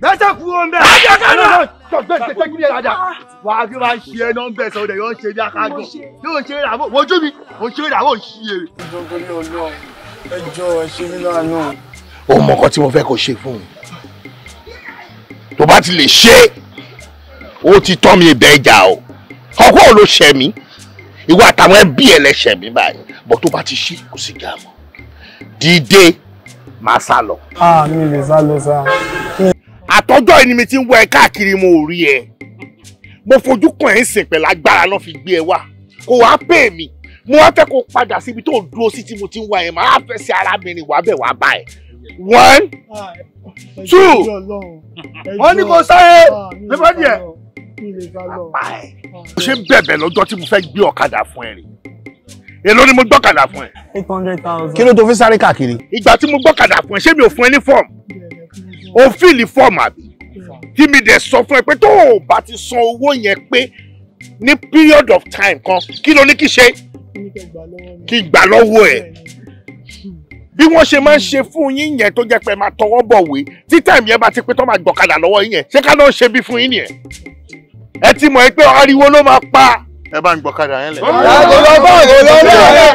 gbẹ́sẹ̀ kúrò ń bẹ̀. ajá kan náà. tọ́gbẹ́ tẹ tẹ́kí yẹn dáadáa. wà á fi máa ń ṣe ẹná ń bẹ̀ sọ̀rọ̀ yóò ṣe bí akágọ̀ yóò ṣe ìràwọ̀ wojú mi mo ṣe ìràwọ̀ ṣí e. ẹjọ́ mọ nǹkan tí mo fẹ́ kó ṣe fún mi tó bá ti lè ṣe ó ti tọ́ mi ìbẹ́ ìjà o ọkọ ò ló ṣẹ mí ìwọ àtàwọn ẹbí ẹ lẹ́ṣẹ̀ mi báyìí bọ́ tó bá ti ṣe kò sí jà mọ́ dídé máa sá lọ. a ah, mi lè sá lọ sáà àtọ́jọ́ ẹni mi ń wọ ẹ káàkiri mo ò rí ẹ mo fojú kan ẹ̀ ń sìn pẹ̀lú agbára náà fi gbé ẹ wá kò wá pè mí mo wá fẹ́ kó padà síbi tó dúró sí tí mo ti ń wá ẹ máa fẹ́ sí arábìnrin wàá wàá bá ẹ one two wọ́n ní kò sáré nípa díẹ̀ apá ẹ̀ mo ṣe ń bẹ̀bẹ̀ lọ́jọ́ tí mo fẹ́ gbé ọ̀kadà fún ẹ rè èló ni mo gbọ́kadà fún ẹ. eight hundred thousand. kí ló tó fi sáré káàkiri. ìgbà tí mo gbọ́kadà fún ẹ ṣé mi ò fún ẹ ní fọ́ọ̀mù o fíìlì fọ́ọ̀mù àbí kí mi dẹ̀ sọ fún ẹ pé tó o bá ti san owó yẹn pé ní period of time kan kí ló ní kí ṣe kí gbà lọ́wọ́ ẹ̀ bí wọ́n ṣe máa ń ṣe fún yín yẹn tó jẹ́ pé máa tọwọ́ bọ̀wé tí táìmù yẹn bá ti pé tó máa gbọ̀kadà lọ́wọ́ yín yẹn ṣé ká ló ń ṣe bí fún yín nìyẹn ẹ ti mọ̀ ẹ́ ariwo ló máa pa ẹ bá ń gbọ̀kadà yẹn lẹ̀.